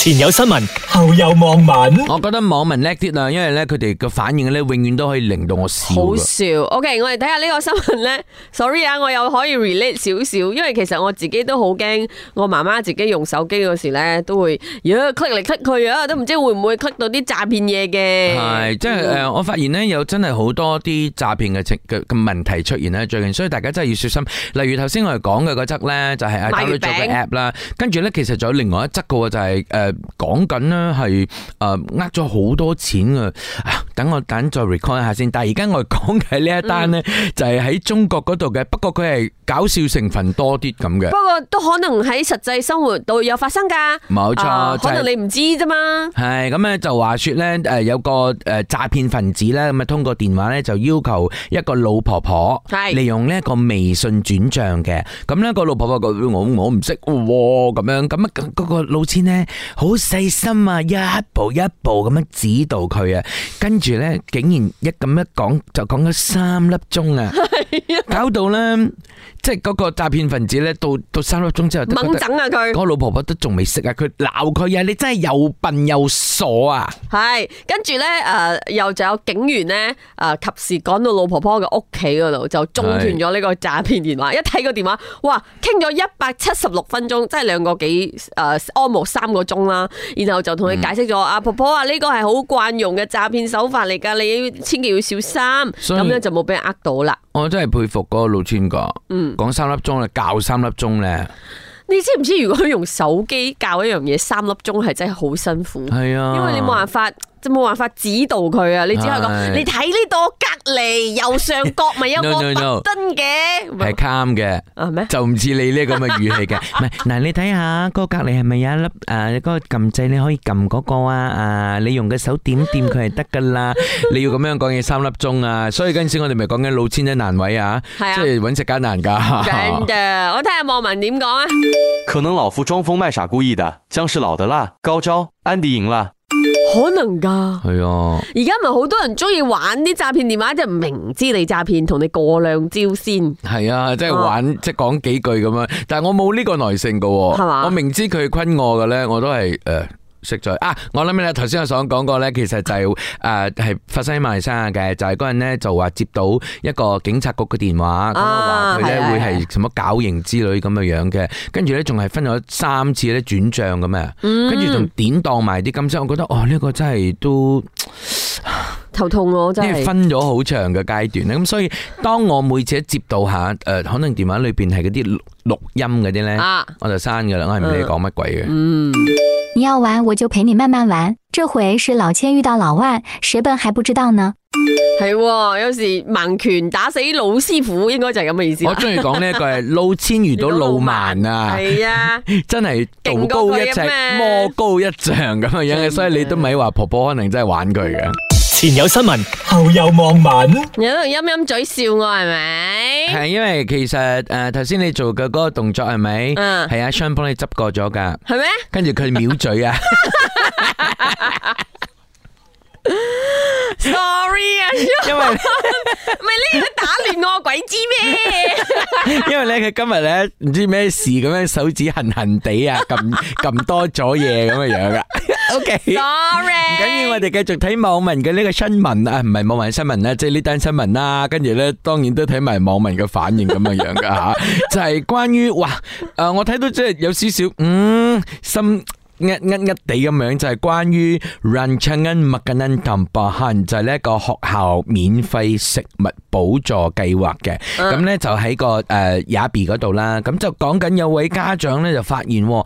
前有新聞，後有網民。我覺得網民叻啲啦，因為咧佢哋嘅反應咧，永遠都可以令到我笑。好笑。OK，我哋睇下呢個新聞咧。Sorry 啊，我又可以 relate 少少，因為其實我自己都好驚，我媽媽自己用手機嗰時咧，都會呀 click 嚟 click 去啊，都唔知會唔會 click 到啲詐騙嘢嘅。係，即係誒，我發現咧有真係好多啲詐騙嘅情嘅嘅問題出現咧，最近，所以大家真係要小心。例如頭先我哋講嘅嗰則咧，就係阿打女做嘅 app 啦。跟住咧，其實仲有另外一則嘅喎，就係誒。講緊咧係誒，呃咗好多錢啊！等我等再 recall 下先，但係而家我哋講嘅呢一單咧，就係喺中國嗰度嘅，不過佢係搞笑成分多啲咁嘅。不過都可能喺實際生活度有發生噶，冇錯，可能你唔知啫嘛。係咁咧就話說咧，誒有個誒詐騙分子咧咁啊，通過電話咧就要求一個老婆婆係利用呢一個微信轉賬嘅，咁咧個老婆婆佢我我唔識喎咁樣，咁啊嗰個老千咧好細心啊，一步一步咁樣指導佢啊，跟住。住咧，竟然一咁一講就講咗三粒鐘啊！ 搞到咧，即、就、係、是、個詐騙分子咧，到到三粒鐘之後掹整啊佢！個老婆婆都仲未識啊，佢鬧佢啊！你真係又笨又傻啊！係，跟住咧誒又就有警員咧誒、呃、及時趕到老婆婆嘅屋企嗰度，就中斷咗呢個詐騙電話是一睇個電話哇，傾咗一百七十六分鐘即係兩個幾誒安莫三個鐘啦。然後就同佢解釋咗，阿、嗯啊、婆婆話呢個係好慣用嘅詐騙手法。嚟噶，你千祈要小心，咁以樣就冇俾人呃到啦。我真係佩服嗰個老千哥，嗯，講三粒鐘咧，教三粒鐘咧。你知唔知如果用手機教一樣嘢三粒鐘係真係好辛苦？係啊，因為你冇辦法。就冇辦法指導佢啊！你只可以講，你睇呢度隔籬右上角咪有個燈嘅，係暗嘅，咩？就唔似你呢咁嘅語氣嘅，唔係嗱，你睇下嗰個隔籬係咪有一粒誒嗰個撳掣，你可以撳嗰個啊？誒，你用個手點掂佢係得噶啦，你要咁樣講嘢三粒鐘啊！所以今次我哋咪講緊老千真難位啊，即係揾食艱難噶。我睇下網民點講啊？可能老夫裝瘋賣傻，故意的，薑是老的辣，高招，安迪贏啦。可能噶係啊，而家咪好多人中意玩啲詐騙電話，即係明知你詐騙，同你過兩招先。係啊，即係玩，啊、即係講幾句咁樣。但係我冇呢個耐性噶，係嘛，我明知佢昆我嘅咧，我都係誒。呃識在啊！我諗咧，頭先我所講過咧，其實就誒、是、係、呃、發生喺馬來西亞嘅，就係嗰陣咧就話接到一個警察局嘅電話，話佢咧會係什麼絞刑之類咁嘅樣嘅，跟住咧仲係分咗三次咧轉賬咁啊，嗯、跟住仲典當埋啲金飾，我覺得哦呢、這個真係都頭痛，我真係分咗好長嘅階段咁，所以當我每次一接到一下，誒、呃，可能電話裏邊係嗰啲錄音嗰啲咧，我就刪噶啦，我唔理你講乜鬼嘅。嗯你要玩我就陪你慢慢玩，這回是老千遇到老萬，誰笨還不知道呢？係喎，有時盲拳打死老師傅，應該就係咁嘅意思。 我中意講呢一句係老千遇到老萬啊，係啊， 真係道高一尺魔高一丈咁嘅樣，所以你都咪話婆婆可能真係玩佢嘅。 前有新聞，後有網民，你喺度陰陰嘴笑我係咪？係因為其實誒，頭先你做嘅嗰個動作係咪？嗯， 係阿昌幫你執過咗噶，係 咩？跟住佢藐嘴啊！ sorry 啊，因為咪呢個打亂我鬼知咩？因為咧佢今日咧唔知咩事咁樣手指痕痕地啊，撳撳多咗嘢咁嘅樣噶。OK，sorry。唔緊要，我哋繼續睇網民嘅呢個新聞啦，唔係網民新聞啦，即係呢單新聞啦。跟住咧，當然都睇埋網民嘅反應咁嘅樣噶吓，就係關於哇，誒，我睇到即係有少少嗯心。呃呃呃地咁樣就係、是、關於 Rancangan Makanan Tambahan 就係呢一個學校免費食物補助計劃嘅，咁咧、嗯、就喺個誒亞庇嗰度啦，咁、呃、就講緊有位家長咧就發現吓呢、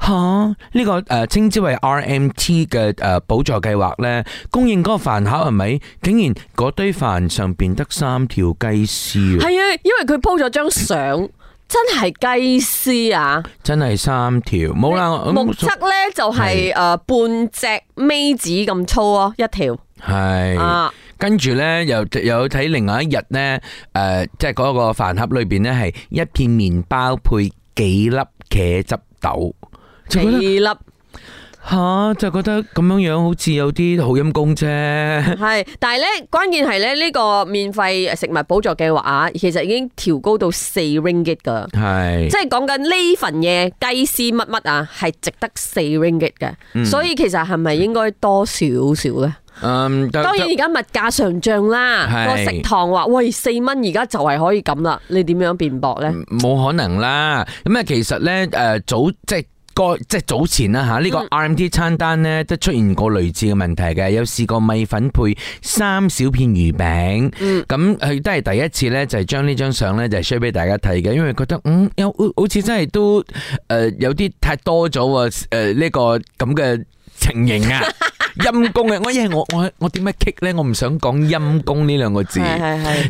啊這個誒稱、呃、之為 RMT 嘅誒補、呃、助計劃咧供應嗰個飯盒係咪竟然嗰堆飯上邊得三條雞絲啊？係啊、嗯，因為佢 po 咗張相。 真係雞絲啊！真係三條，冇啦。目測咧就係誒半隻尾指咁粗咯，一條。係，跟住咧又又睇另外一日咧，誒，即係嗰個飯盒裏邊咧係一片麵包配幾粒茄汁豆，幾粒。吓、啊，就覺得咁樣樣好似有啲好陰功啫。係，但係咧關鍵係咧呢、呢個免費食物補助嘅話，其實已經調高到四 ringgit 噶係是，即係講緊呢份嘢雞絲乜乜啊，係值得四 ringgit 嘅。嗯、所以其實係咪應該多少少咧？嗯，當然。當然而家物價上漲啦，個、嗯、是食堂話喂四蚊，而家就係可以咁啦。你點樣辯駁咧？冇、嗯、可能啦。咁啊，其實咧誒、呃、早即係。個即係早前啦嚇，呢、這個 RMT 餐單咧都出現過類似嘅問題嘅，有試過米粉配三小片魚餅，咁佢都係第一次咧，就係將呢張相咧就 share 俾大家睇嘅，因為覺得嗯有,有好似真係都誒、呃、有啲太多咗喎，呢、呃這個咁嘅情形啊。 陰公嘅，我依係我我我點解棘咧？我唔想講陰公呢兩個字，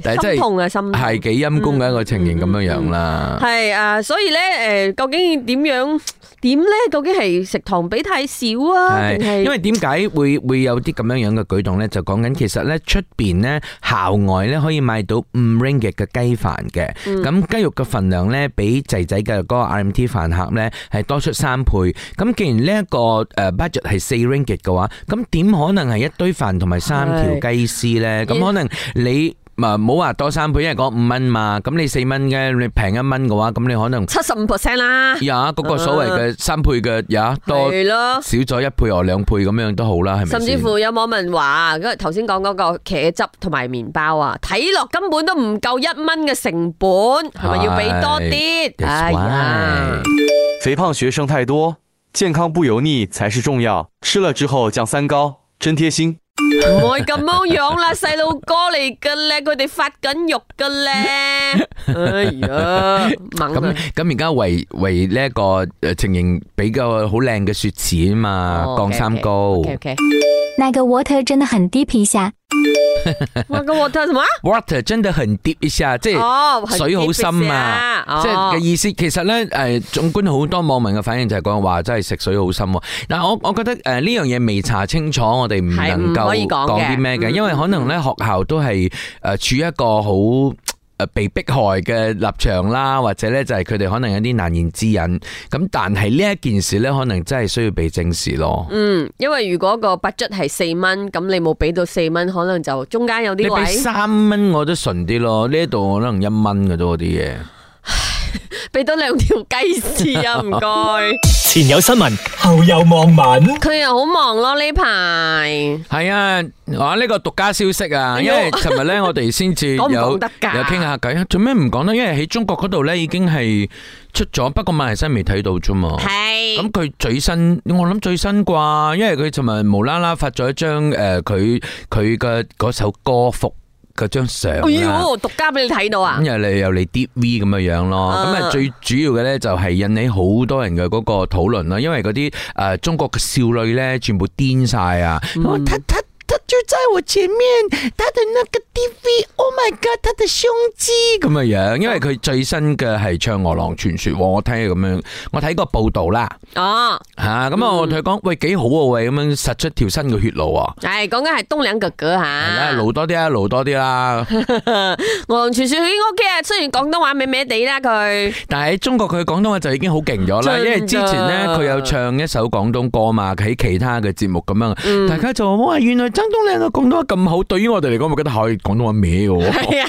但係真係心痛嘅心，係幾陰公嘅一個情形咁樣樣啦。係啊，所以咧誒，究竟點樣點咧？究竟係食堂俾太少啊？定係因為點解會會有啲咁樣樣嘅舉動咧？就講緊其實咧出邊咧校外咧可以買到五 ringgit 嘅雞飯嘅，咁雞肉嘅份量咧比仔仔嘅嗰個 RMT 飯盒咧係多出三倍。咁既然呢一個誒 budget 係四 ringgit 嘅話，咁咁點可能係一堆飯同埋三條雞絲咧？咁可能你唔好話多三倍，因為講五蚊嘛。咁你四蚊嘅，你平一蚊嘅話，咁你可能七十五 percent 啦。呀，嗰個所謂嘅三倍嘅，有多少咗一倍或兩倍咁樣都好啦，係咪？甚至乎有網民話，頭先講嗰個茄汁同埋麵包啊，睇落根本都唔夠一蚊嘅成本，係咪要俾多啲？哎，肥胖學生太多。健康不油膩才是重要，吃了之後降三高，真貼心。唔會咁樣樣啦，細路哥嚟嘅咧，佢哋發緊肉嘅咧。哎呀，咁咁而家為為呢一個誒情形比較好靚嘅說辭啊嘛，oh, okay, okay, 降三高。Okay, okay. 那個 water 真的很 deep 一下，那個 water 什麼？water 真的很 deep 一下，即係水好深，啊 oh, oh. 即係嘅意思其實咧，誒，縱觀好多網民嘅反應就係講話真係食水好深，啊。但我我覺得誒呢樣嘢未查清楚，我哋唔能夠講啲咩嘅，因為可能咧學校都係誒處於一個好。被迫害嘅立場啦，或者呢就係佢哋可能有啲難言之隱，咁但係呢一件事呢，可能真係需要被正視咯。嗯，因為如果個 budget 係四蚊，咁你冇俾到四蚊，可能就中間有啲俾三蚊，我都順啲咯。呢度可能一蚊嘅多啲嘢。俾 多兩條雞絲啊！唔該。 前有新聞，後有望文。佢 又好忙咯呢排。係啊，我呢、呢個獨家消息啊，因為尋日咧我哋先至有有傾下偈，做咩唔講呢？ 因為喺中國嗰度咧已經係出咗，不過馬來西亞未睇到咋嘛。係是。咁佢最新，我諗最新啩，因為佢尋日無啦啦發咗一張誒，佢佢嘅嗰首歌幅。個張相，張哎喲，獨家俾你睇到樣樣啊！又你又嚟 D V 咁嘅樣咯，咁啊最主要嘅咧就係引起好多人嘅嗰個討論啦，因為嗰啲誒中國嘅少女咧全部癲晒啊！嗯就在我前面，他的那個 TV，Oh my God，他的胸肌咁嘅樣，因為佢最新嘅係唱《餓狼傳說》，我聽咁樣，我睇過報道啦。哦，吓，咁我同佢講，喂，幾好啊，喂，咁樣殺出條新嘅血路啊。係，講緊係東嶺哥哥吓。老多啲啊，老多啲啦。餓狼傳說已經 OK 啊，雖然廣東話歪歪地啦佢。但係喺中國佢廣東話就已經好勁咗啦，因為之前咧佢有唱一首廣東歌嘛，喺其他嘅節目咁樣，大家就話哇，原來真。講到講得咁好，對於我哋嚟講，我覺得可以。廣東話歪嘅，係啊，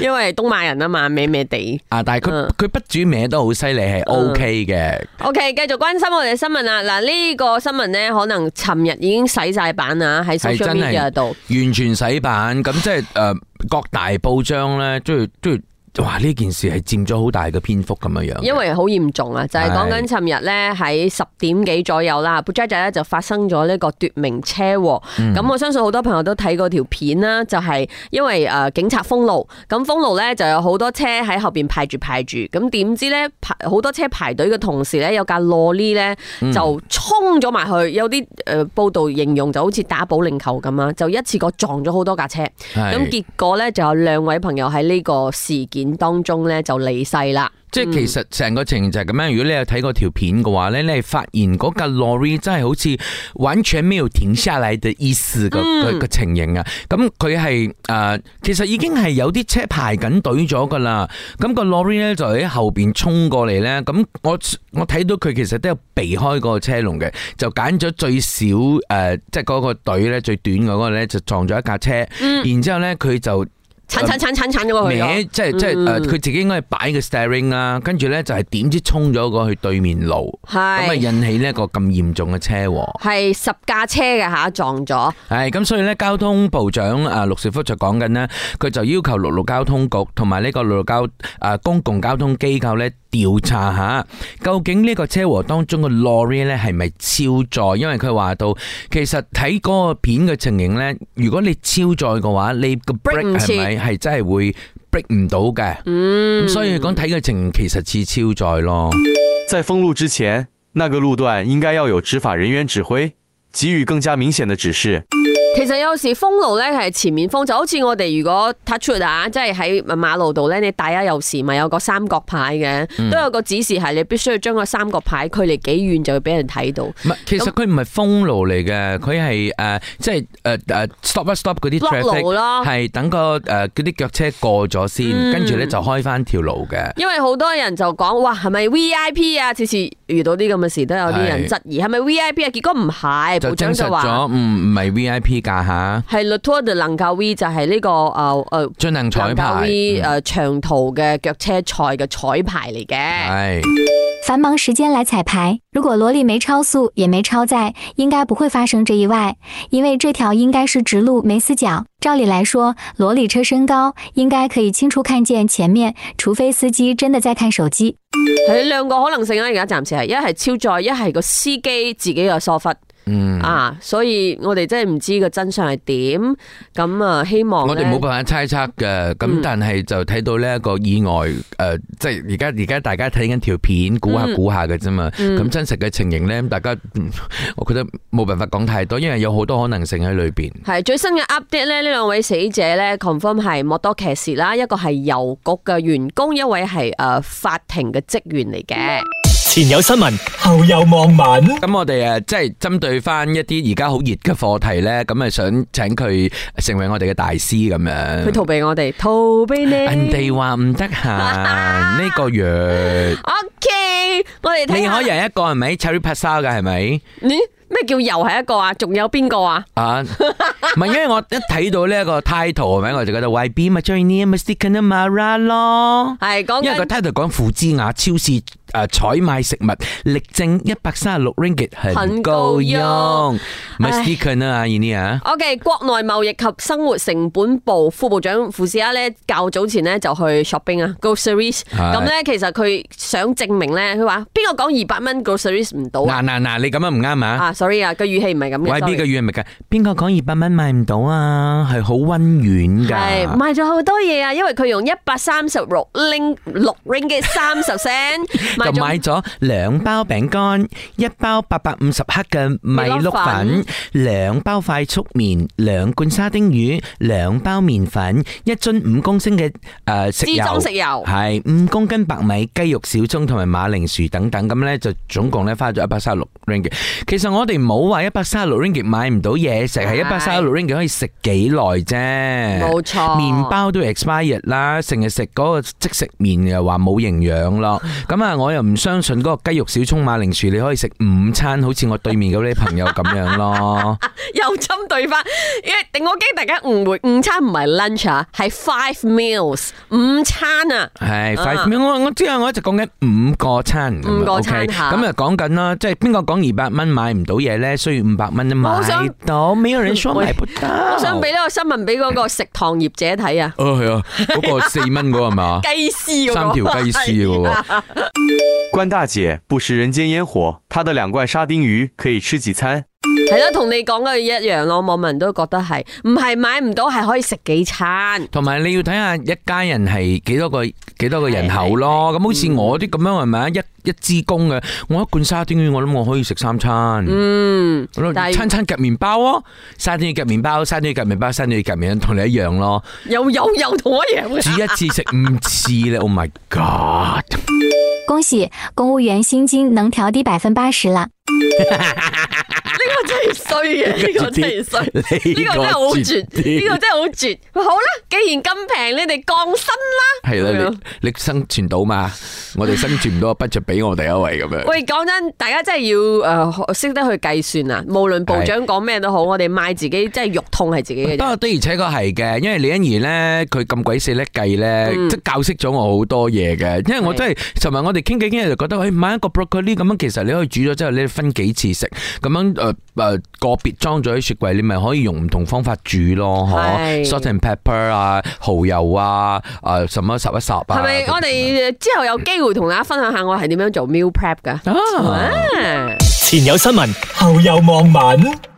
因為東馬人啊嘛，歪歪地。啊，但係佢佢不只歪都好犀利，係 OK 嘅、嗯。OK，繼續關心我哋新聞啊！嗱，呢個新聞咧，可能尋日已經洗晒版啦，喺 Social Media 度完全洗版。咁即係誒、呃，各大報章咧，都都。哇！呢件事係佔咗好大嘅篇幅咁樣樣，因為好嚴重啊！是就係講緊尋日咧喺十點幾左右啦，布城咧就發生咗呢個奪命車禍。咁、嗯、我相信好多朋友都睇過條片啦，就係、是、因為誒警察封路，咁封路咧就有好多車喺後邊排住排住。咁點知咧排好多車排隊嘅同時咧，有架洛利咧就衝咗埋去，有啲誒報道形容就好似打保齡球咁啊！就一次過撞咗好多架車。咁是結果咧就有兩位朋友喺呢個事件。當中咧就離世啦。即係其實成個情形就係咁樣。如果你有睇過條片嘅話咧，你係發現嗰架 Lorry 真係好似完全沒有停下嚟嘅意思嘅情形啊。咁佢係誒，其實已經係有啲車排緊隊咗噶啦。咁個 Lorry 咧就喺後邊衝過嚟咧。咁我我睇到佢其實都有避開個車龍嘅，就揀咗最少誒，即係嗰個隊咧最短嗰個咧就撞咗一架車。然之後咧佢就。鏟鏟鏟鏟鏟嗰個，歪即係即係誒，佢自己應該係擺個 steering 啦，跟住咧就係點知衝咗過去對面路，咁啊引起呢一個咁嚴重嘅車禍，係十架車嘅吓撞咗，係咁所以咧交通部長啊陸兆福就講緊咧，佢就要求陸路交通局同埋呢個陸路交誒公共交通機構咧。調查下究竟呢個車禍當中嘅 lorry 咧係咪超載？因為佢話到，其實睇嗰個片嘅情形咧，如果你超載嘅話，你個 break 係咪係真係會 break 唔到嘅？咁、嗯、所以講睇嘅情形其實似超載咯。在封路之前，那個路段應該要有執法人員指揮，給予更加明顯嘅指示。其實有時封路咧係前面封，就好似我哋如果 touch 啊，即係喺馬路度咧，你大家有時咪有個三角牌嘅，嗯、都有個指示係你必須要將個三角牌距離幾遠就要俾人睇到、嗯。其實佢唔係封路嚟嘅，佢係誒即係誒誒 stop stop 嗰啲路咯，係等個誒嗰啲腳車過咗先，跟住咧就開翻條路嘅。因為好多人就講，哇，係咪 VIP 啊？次次遇到啲咁嘅事都有啲人質疑係咪 VIP 啊？結果唔係，部長的就話唔唔係 VIP。架吓，係 LT 能夠 V 就係呢個誒誒，進行彩排誒、呃、長途嘅腳車賽嘅彩排嚟嘅、mm。Hmm. 繁忙時間來彩排，如果羅利沒超速，也沒超載，應該不會發生這意外，因為這條應該是直路，沒死角。照理來說，羅利車身高應該可以清楚看見前面，除非司機真的在看手機。係兩、哎、個可能性啊，而家暫時係一係超載，一係個司機自己嘅疏忽。嗯啊，所以我哋真係唔知個真相係點，咁啊希望我哋冇辦法猜測嘅，咁、嗯、但係就睇到呢一個意外，誒、呃，即係而家而家大家睇緊條片，估下估下嘅啫嘛，咁、嗯嗯、真實嘅情形咧，大家我覺得冇辦法講太多，因為有好多可能性喺裏邊。係最新嘅 update 咧，呢兩位死者咧 confirm 係莫多騎士啦，一個係郵局嘅員工，一位係誒、uh，法庭嘅職員嚟嘅。前有新聞，後有網民。咁我哋誒，即係針對翻一啲而家好熱嘅課題咧，咁啊想請佢成為我哋嘅大師咁樣。佢逃避我哋，逃避你。人哋話唔得閒呢個月。OK，我哋睇，另外有一個係咪？Cherry Pasha 嘅係咪？你咩叫又係一個啊？仲有邊個啊？啊，唔係因為我一睇到呢一個 title 係咪？我就覺得 Y B 咪 Cherry 咪 Sticking the Mara 係講，因為個 title 講傅芝雅超市。誒，採買食物力證一百三十六 ringgit 很夠用，Mr. Stephen 啊，Elena，OK，國內貿易及生活成本部副部長傅芝雅咧，較早前咧就去 shopping 啊，groceries，咁咧其實佢想證明咧，佢話邊個講二百蚊 groceries 唔到。嗱嗱嗱，你咁樣唔啱啊！啊，sorry 啊，個語氣唔係咁嘅。YB 嘅語氣咪噶？邊個講二百蚊買唔到啊？係好溫軟噶，買咗好多嘢啊。因為佢用一百三十六 ling 六 ringgit 三十 cent。就買咗兩包餅乾，一包八百五十克嘅米碌粉，兩包快速麵，兩罐沙丁魚，兩包麵粉，一樽五公升嘅誒食用食用油，係五公斤白米、雞肉小蔥同埋馬鈴薯等等，咁咧就總共咧花咗一百三十六 ringgit。其實我哋冇話一百三十六 ringgit 買唔到嘢食，係一百三十六 ringgit 可以食幾耐啫。冇錯，麵包都 expire 啦，成日食嗰個即食麵又話冇營養咯。咁啊，我。我又唔相信嗰個雞肉小蔥馬鈴薯，你可以食五餐，好似我對面嗰啲朋友咁樣咯。又針對翻，因為我驚大家誤會。午餐唔係 lunch 啊，係 five meals，午餐啊。係 five meals，我我知啊，我一直講緊五個餐。五個餐吓。咁啊，講緊啦，即係邊個講二百蚊買唔到嘢咧？需要五百蚊啊，買到 million short，係不得。我想俾呢個新聞俾嗰個食堂業者睇啊。啊，係啊，嗰個四蚊嗰個係嘛？雞絲嗰個，三條雞絲嘅。關大姐不食人間煙火，她的兩罐沙丁魚可以吃幾餐？係咯，同你講嘅一樣咯，網民都覺得係，唔係買唔到，係可以食幾餐。同埋你要睇下一家人係幾多個幾多個人口咯，咁好似我啲咁樣係咪啊？一一支公嘅，我一罐沙丁魚，我諗我可以食三餐。嗯，餐餐夾麵包咯，沙丁魚夾麵包，沙丁魚夾麵包，沙丁魚夾麵包，同你一樣咯。又又又同我一樣。煮一次食五次咧 ，Oh my God！恭喜公務員薪金能調低百分八十啦！ 真係衰嘅，呢個真係衰，呢個真係好絕，呢個真係好絕。好啦，既然咁平，你哋降薪啦。係啦，你生存到嘛？我哋生存唔到，不如俾我哋一位咁樣。喂，講真，大家真係要誒識得去計算啊！無論部長講咩都好，我哋買自己即係肉痛係自己。不過的而且確係嘅，因為李欣怡咧，佢咁鬼死叻計咧，即係教識咗我好多嘢嘅。因為我真係尋日我哋傾偈，就覺得誒，買一個 broccoli 咁樣，其實你可以煮咗之後，你分幾次食咁樣誒。誒，個別裝咗啲雪櫃，你咪可以用唔同方法煮咯，吓，salt and pepper 啊，蠔油啊，誒，什麼十一十啊？係咪？我哋之後有機會同大家分享下我係點樣做 meal prep 噶。啊啊、前有新聞，後有網民。